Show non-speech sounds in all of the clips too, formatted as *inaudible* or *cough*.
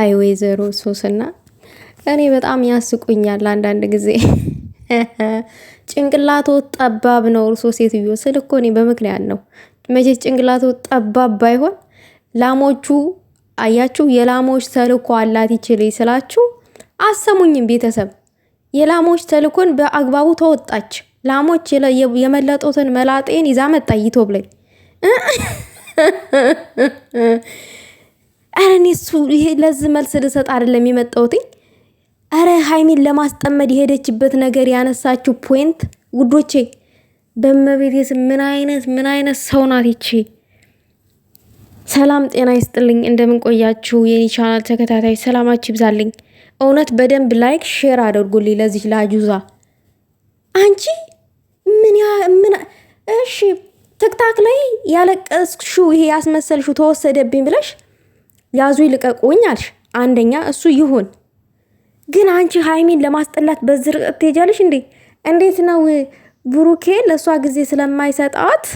አይ ወይዘሮ ሶስና እኔ በጣም ያስቁኛል አንዳንድ ጊዜ *laughs* ጭንቅላቶ ጠባብ ነው እርሶ ሴትዮ ስል እኮ እኔ በምክንያት ነው። መቼስ ጭንቅላቶ ጠባብ ባይሆን ላሞቹ አያችሁ፣ የላሞች ተልኮ አላት ይችል ስላችሁ አሰሙኝም። ቤተሰብ የላሞች ተልኮን በአግባቡ ተወጣች። ላሞች የመለጡትን መላጤን ይዛ መጣ ይቶ ብለኝ ኧረ እኔ እሱ ይሄ ለዚህ መልስ ልሰጥ አይደለም የመጣሁትኝ። ኧረ ሀይሚን ለማስጠመድ የሄደችበት ነገር ያነሳችው ፖይንት ውዶቼ፣ በመቤቴስ ምን አይነት ምን አይነት ሰው ናት ይቺ? ሰላም ጤና ይስጥልኝ። እንደምንቆያችሁ ቆያችሁ የኔ ቻናል ተከታታይ? ሰላማችሁ ይብዛልኝ። እውነት በደንብ ላይክ ሼር አድርጉልኝ ለዚች ለአጁዛ። አንቺ ምን ምን እሺ፣ ትክታክ ላይ ያለቀስሹ ይሄ ያስመሰልሹ ተወሰደብኝ ብለሽ ያዙ ይልቀቁኝ አልሽ። አንደኛ እሱ ይሁን፣ ግን አንቺ ሀይሚን ለማስጠላት በዚህ ርቀት ትሄጃለሽ እንዴ? እንዴት ነው ብሩኬ ለእሷ ጊዜ ስለማይሰጣት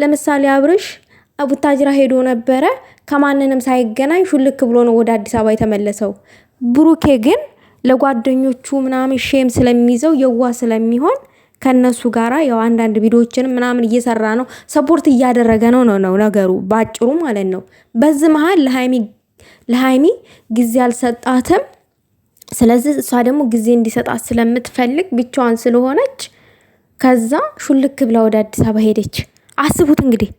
ለምሳሌ አብርሽ ቡታጅራ ሄዶ ነበረ። ከማንንም ሳይገናኝ ሹልክ ብሎ ነው ወደ አዲስ አበባ የተመለሰው። ብሩኬ ግን ለጓደኞቹ ምናምን ሼም ስለሚይዘው የዋ ስለሚሆን ከነሱ ጋራ ያው አንዳንድ ቪዲዮዎችንም ምናምን እየሰራ ነው፣ ሰፖርት እያደረገ ነው ነው ነው ነገሩ በአጭሩ ማለት ነው። በዚህ መሀል ለሀይሚ ለሀይሚ ጊዜ አልሰጣትም። ስለዚህ እሷ ደግሞ ጊዜ እንዲሰጣት ስለምትፈልግ ብቻዋን ስለሆነች ከዛ ሹልክ ብላ ወደ አዲስ አበባ ሄደች። አስቡት እንግዲህ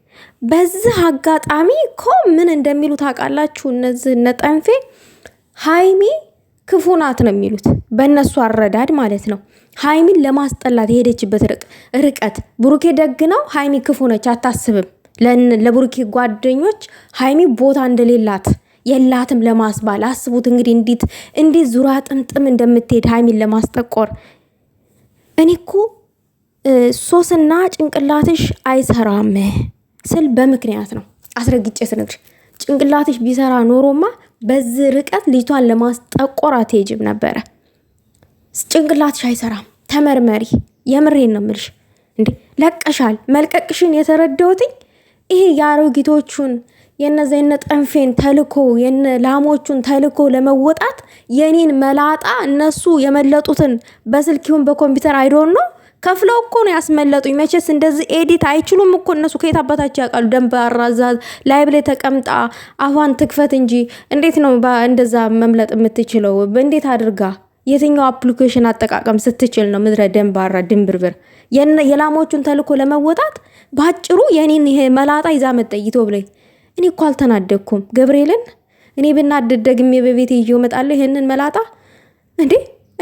በዚህ አጋጣሚ እኮ ምን እንደሚሉ ታውቃላችሁ? እነዚህ ነጠንፌ ሀይሚ ክፉ ናት ነው የሚሉት፣ በእነሱ አረዳድ ማለት ነው። ሀይሚን ለማስጠላት የሄደችበት ርቀት ብሩኬ ደግ ነው፣ ሀይሚ ክፉ ነች አታስብም። ለብሩኬ ጓደኞች ሀይሚ ቦታ እንደሌላት የላትም ለማስባል አስቡት እንግዲህ እንዴት እንዲት ዙራ ጥምጥም እንደምትሄድ ሀይሚን ለማስጠቆር እኔ እኮ ሶስና ጭንቅላትሽ አይሰራም ስል በምክንያት ነው አስረግጬ ስነግርሽ ጭንቅላትሽ ቢሰራ ኖሮማ በዚህ ርቀት ልጅቷን ለማስጠቆር አትሄጅም ነበረ ጭንቅላትሽ አይሰራም ተመርመሪ የምሬን ነው ምልሽ እንዴ ለቀሻል መልቀቅሽን የተረዳውትኝ ይሄ የአሮጊቶቹን የነዛ የነ ጠንፌን ተልኮ የነ ላሞቹን ተልኮ ለመወጣት የኔን መላጣ እነሱ የመለጡትን በስልኪውን በኮምፒውተር አይዶን ነው ከፍለው እኮ ነው ያስመለጡኝ። መቼስ እንደዚህ ኤዲት አይችሉም እኮ እነሱ። ከየት አባታቸው ያውቃሉ? ደንብ አራዛ ላይ ተቀምጣ አፏን ትክፈት እንጂ እንዴት ነው እንደዛ መምለጥ የምትችለው? እንዴት አድርጋ የትኛው አፕሊኬሽን አጠቃቀም ስትችል ነው? ምድረ ደንባራ ድንብርብር የላሞቹን ተልኮ ለመወጣት ባጭሩ የኔን ይሄ መላጣ ይዛ መጠይቶ ብላይ እኔ እኮ አልተናደግኩም ገብርኤልን። እኔ ብናደድ ደግሜ በቤቴ ይዤው እመጣለሁ ይህንን መላጣ እንዴ።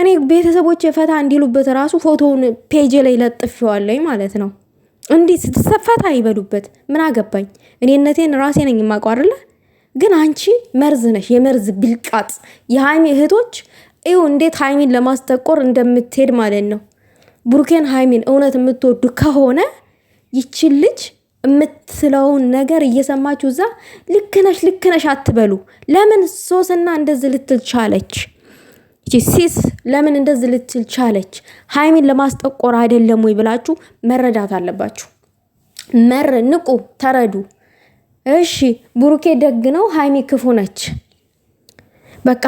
እኔ ቤተሰቦች ፈታ እንዲሉበት ራሱ ፎቶውን ፔጅ ላይ ለጥፌዋለኝ ማለት ነው። እንዲህ ስትሰፈታ ይበሉበት ምን አገባኝ። እኔነቴን ራሴ ነኝ የማውቀው አይደለ። ግን አንቺ መርዝ ነሽ፣ የመርዝ ብልቃጥ። የሀይሚ እህቶች ይኸው እንዴት ሀይሚን ለማስጠቆር እንደምትሄድ ማለት ነው። ቡሩኬን ሀይሚን እውነት የምትወዱ ከሆነ ይችን ልጅ የምትለውን ነገር እየሰማችሁ እዛ ልክነሽ ልክነሽ አትበሉ። ለምን ሶስና እንደዚህ ልትል ቻለች? ሲስ ለምን እንደዚህ ልትል ቻለች? ሀይሚን ለማስጠቆር አይደለም ወይ ብላችሁ መረዳት አለባችሁ። መር ንቁ፣ ተረዱ። እሺ ብሩኬ ደግ ነው፣ ሀይሚ ክፉ ነች። በቃ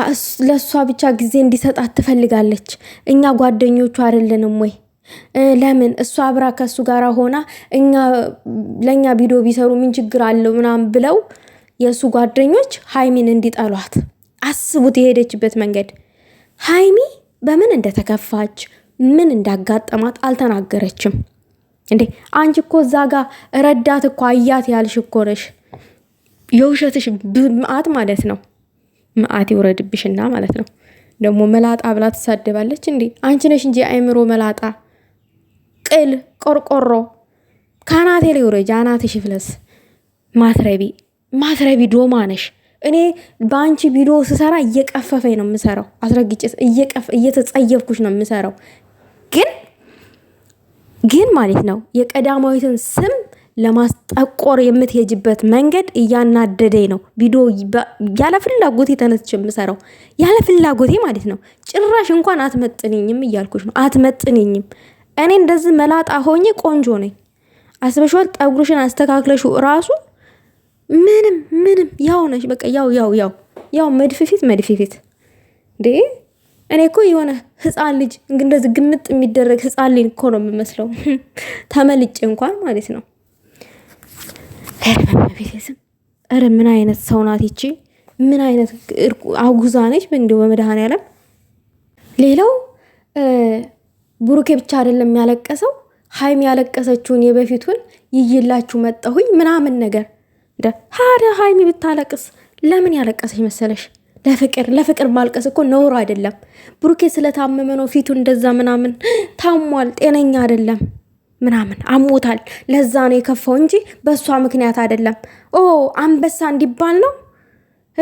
ለእሷ ብቻ ጊዜ እንዲሰጣት ትፈልጋለች። እኛ ጓደኞቹ አይደለንም ወይ? ለምን እሱ አብራ ከሱ ጋር ሆና እኛ ለእኛ ቪዲዮ ቢሰሩ ምን ችግር አለው ምናምን ብለው የእሱ ጓደኞች ሀይሚን እንዲጠሏት አስቡት። የሄደችበት መንገድ ሀይሚ በምን እንደተከፋች ምን እንዳጋጠማት አልተናገረችም። እንዴ አንቺ እኮ እዛ ጋ ረዳት እኮ አያት ያልሽ እኮ ነሽ። የውሸትሽ መዓት ማለት ነው። መዓት ይውረድብሽና ማለት ነው። ደግሞ መላጣ ብላ ትሳደባለች እንዴ! አንቺ ነሽ እንጂ አይምሮ መላጣ ቅል ቆርቆሮ ካናቴ ላይ ውረጅ፣ አናትሽ ይፍለስ። ማትረቢ ማትረቢ ዶማ ነሽ። እኔ በአንቺ ቪዲዮ ስሰራ እየቀፈፈኝ ነው የምሰራው፣ አስረግጬ እየተጸየፍኩሽ ነው የምሰራው። ግን ግን ማለት ነው የቀዳማዊትን ስም ለማስጠቆር የምትሄጅበት መንገድ እያናደደኝ ነው። ቪዲዮ ያለ ፍላጎቴ ተነስቼ የምሰራው ያለ ፍላጎቴ ማለት ነው። ጭራሽ እንኳን አትመጥንኝም እያልኩሽ ነው። አትመጥንኝም እኔ እንደዚህ መላጣ ሆኜ ቆንጆ ነኝ። አስበሽዋል? ጠጉርሽን አስተካክለሹ ራሱ ምንም ምንም ያው ነሽ። በቃ ያው ያው ያው ያው መድፍፊት መድፍፊት እንዴ! እኔ እኮ የሆነ ህፃን ልጅ እንደዚህ ግምጥ የሚደረግ ህፃን ልጅ እኮ ነው የምመስለው፣ *laughs* ተመልጭ እንኳን ማለት ነው። ኧረ ምን አይነት ሰው ናት ይቺ? ምን አይነት አጉዛ ነች? እንዲሁ ያለም ሌላው ብሩኬ ብቻ አይደለም ያለቀሰው፣ ሀይም ያለቀሰችውን የበፊቱን ይይላችሁ መጣሁኝ ምናምን ነገር እንደ ሀደ ሀይሚ ብታለቅስ ለምን ያለቀሰች መሰለሽ? ለፍቅር ለፍቅር ማልቀስ እኮ ነውር አይደለም። ብሩኬ ስለታመመ ነው ፊቱ እንደዛ ምናምን፣ ታሟል፣ ጤነኛ አይደለም ምናምን አሞታል። ለዛ ነው የከፋው እንጂ በእሷ ምክንያት አይደለም። ኦ አንበሳ እንዲባል ነው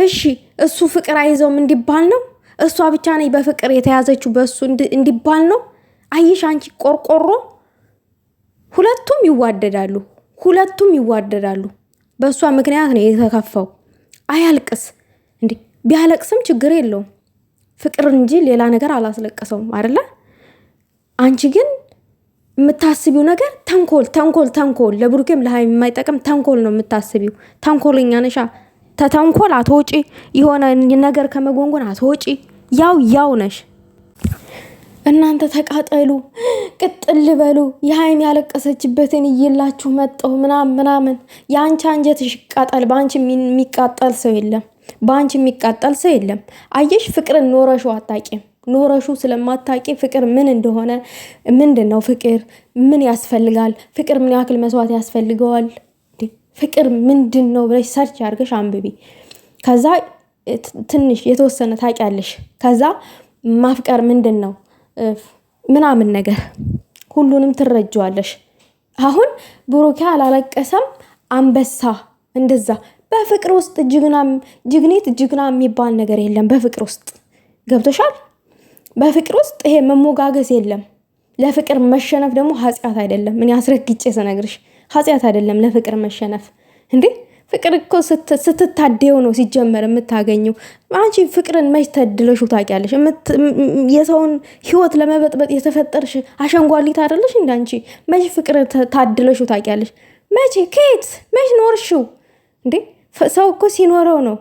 እሺ፣ እሱ ፍቅር አይዘውም እንዲባል ነው። እሷ ብቻ ነኝ በፍቅር የተያዘችው በእሱ እንዲባል ነው። አይሽ አንቺ ቆርቆሮ። ሁለቱም ይዋደዳሉ፣ ሁለቱም ይዋደዳሉ። በእሷ ምክንያት ነው የተከፋው። አያልቅስ እንዴ? ቢያለቅስም ችግር የለውም ፍቅር እንጂ ሌላ ነገር አላስለቀሰውም አይደለ? አንቺ ግን የምታስቢው ነገር ተንኮል ተንኮል ተንኮል፣ ለብሩኬም ለሀይሚ የማይጠቅም ተንኮል ነው የምታስቢው። ተንኮለኛ ነሻ። ተተንኮል አትወጪ፣ የሆነ ነገር ከመጎንጎን አትወጪ። ያው ያው ነሽ። እናንተ ተቃጠሉ፣ ቅጥል በሉ። የሀይሚ ያለቀሰችበትን እየላችሁ መጠው ምናምን ምናምን። የአንቺ አንጀትሽ ይቃጠል። በአንቺ የሚቃጠል ሰው የለም። በአንቺ የሚቃጠል ሰው የለም። አየሽ፣ ፍቅርን ኖረሹ አታቂም ኖረሹ ስለማታቂ ፍቅር ምን እንደሆነ ምንድን ነው ፍቅር ምን ያስፈልጋል? ፍቅር ምን ያክል መስዋዕት ያስፈልገዋል? ፍቅር ምንድን ነው ብለሽ ሰርች አድርገሽ አንብቢ። ከዛ ትንሽ የተወሰነ ታውቂያለሽ። ከዛ ማፍቀር ምንድን ነው ምናምን ነገር ሁሉንም ትረጅዋለሽ። አሁን ብሩኬ አላለቀሰም አንበሳ እንደዛ። በፍቅር ውስጥ ጅግኒት ጅግና የሚባል ነገር የለም። በፍቅር ውስጥ ገብቶሻል። በፍቅር ውስጥ ይሄ መሞጋገስ የለም። ለፍቅር መሸነፍ ደግሞ ኃጢአት አይደለም። እኔ አስረግጬ ስነግርሽ ኃጢአት አይደለም ለፍቅር መሸነፍ እንዴ ፍቅር እኮ ስትታደየው ነው ሲጀመር የምታገኘው። አንቺ ፍቅርን መች ተድለሽ ታውቂያለሽ? የሰውን ህይወት ለመበጥበጥ የተፈጠርሽ አሸንጓሊት አይደለሽ? አንቺ መች ፍቅርን ታድለሽ ታውቂያለሽ? መቼ ከየት መች ኖርሽው እንዴ? ሰው እኮ ሲኖረው ነው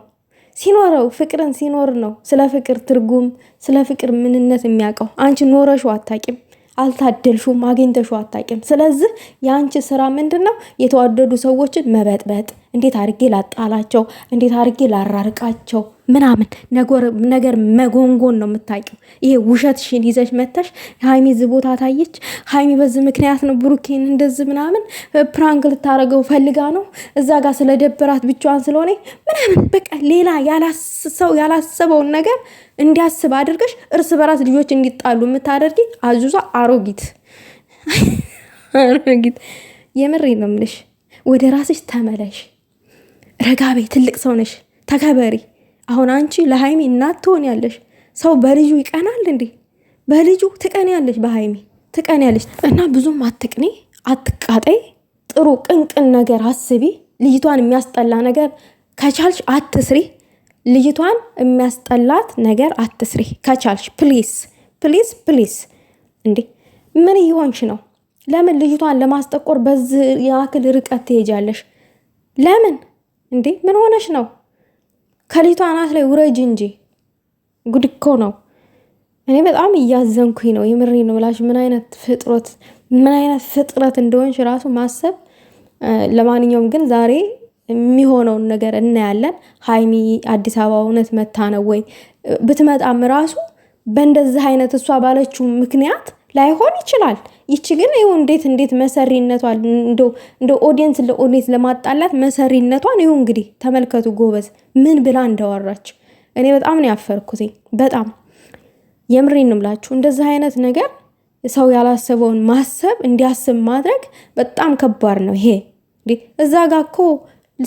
ሲኖረው ፍቅርን ሲኖር ነው ስለ ፍቅር ትርጉም ስለ ፍቅር ምንነት የሚያውቀው። አንቺ ኖረሽው አታቂም፣ አልታደልሹም፣ አግኝተሽው አታቂም። ስለዚህ የአንቺ ስራ ምንድን ነው? የተዋደዱ ሰዎችን መበጥበጥ እንዴት አድርጌ ላጣላቸው፣ እንዴት አድርጌ ላራርቃቸው ምናምን ነገር መጎንጎን ነው የምታውቂው። ይሄ ውሸትሽን ይዘሽ መተሽ ሀይሚ ዝ ቦታ ታየች፣ ሀይሚ በዚህ ምክንያት ነው ብሩኬን እንደዚህ ምናምን ፕራንክ ልታረገው ፈልጋ ነው እዛ ጋር ስለደበራት ብቻዋን ስለሆነ ምናምን በቃ ሌላ ያላሰው ያላሰበውን ነገር እንዲያስብ አድርገሽ እርስ በራስ ልጆች እንዲጣሉ የምታደርጊ አዙዛ አሮጊት አሮጊት፣ የምሬ ነው የምልሽ። ወደ ራስሽ ተመለሽ። ረጋቤ ትልቅ ሰው ነሽ፣ ተከበሪ። አሁን አንቺ ለሀይሚ እናት ትሆን ያለሽ ሰው በልጁ ይቀናል እንዴ? በልጁ ትቀን ያለሽ፣ በሀይሚ ትቀን ያለሽ እና ብዙም አትቅኔ፣ አትቃጠይ። ጥሩ ቅንቅን ነገር አስቢ። ልጅቷን የሚያስጠላ ነገር ከቻልሽ አትስሪ። ልጅቷን የሚያስጠላት ነገር አትስሪ ከቻልሽ። ፕሊስ ፕሊስ ፕሊስ። እንዴ ምን እየሆንሽ ነው? ለምን ልጅቷን ለማስጠቆር በዚህ ያክል ርቀት ትሄጃለሽ? ለምን እንዴ ምን ሆነሽ ነው? ከሊቷ አናት ላይ ውረጅ እንጂ ጉድ እኮ ነው። እኔ በጣም እያዘንኩኝ ነው። የምሬ ነው ብላሽ። ምን አይነት ፍጥረት ምን አይነት ፍጥረት እንደሆንሽ ራሱ ማሰብ። ለማንኛውም ግን ዛሬ የሚሆነውን ነገር እናያለን። ሀይሚ አዲስ አበባ እውነት መታ ነው ወይ? ብትመጣም ራሱ በእንደዚህ አይነት እሷ ባለችው ምክንያት ላይሆን ይችላል። ይቺ ግን ይኸው እንዴት እንዴት መሰሪነቷ እንደ ኦዲየንስ ለኦዲየንስ ለማጣላት መሰሪነቷን ይኸው እንግዲህ ተመልከቱ ጎበዝ፣ ምን ብላ እንዳወራች እኔ በጣም ነው ያፈርኩት። በጣም የምሬን ነው የምላችሁ። እንደዚህ አይነት ነገር ሰው ያላሰበውን ማሰብ እንዲያስብ ማድረግ በጣም ከባድ ነው። ይሄ እዛ ጋ እኮ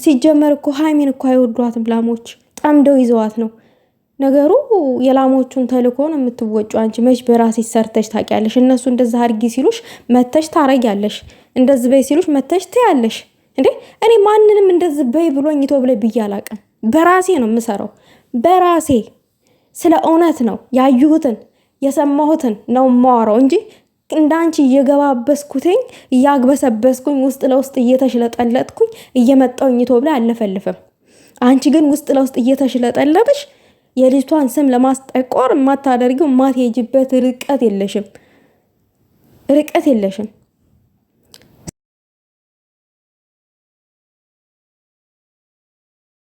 ሲጀመር እኮ ሀይሚን እኮ አይወዷትም ላሞች ጠምደው ይዘዋት ነው ነገሩ የላሞቹን ተልእኮ ነው የምትወጩ። አንቺ መች በራሴ ሰርተሽ ታውቂያለሽ? እነሱ እንደዛ አድርጊ ሲሉሽ መተሽ ታረጊያለሽ፣ እንደዚህ በይ ሲሉሽ መተሽ ትያለሽ። እንዴ እኔ ማንንም እንደዚህ በይ ብሎኝ ቶ ብለ ብዬ አላቅም። በራሴ ነው የምሰራው፣ በራሴ ስለ እውነት ነው ያዩሁትን የሰማሁትን ነው የማወራው እንጂ እንዳንቺ እየገባበስኩትኝ እያግበሰበስኩኝ ውስጥ ለውስጥ እየተሽለጠለጥኩኝ እየመጣውኝ ቶ ብለ አለፈልፍም። አንቺ ግን ውስጥ ለውስጥ እየተሽለጠለጥሽ የልጅቷን ስም ለማስጠቆር የማታደርጊው ማትሄጅበት ርቀት የለሽም ርቀት የለሽም።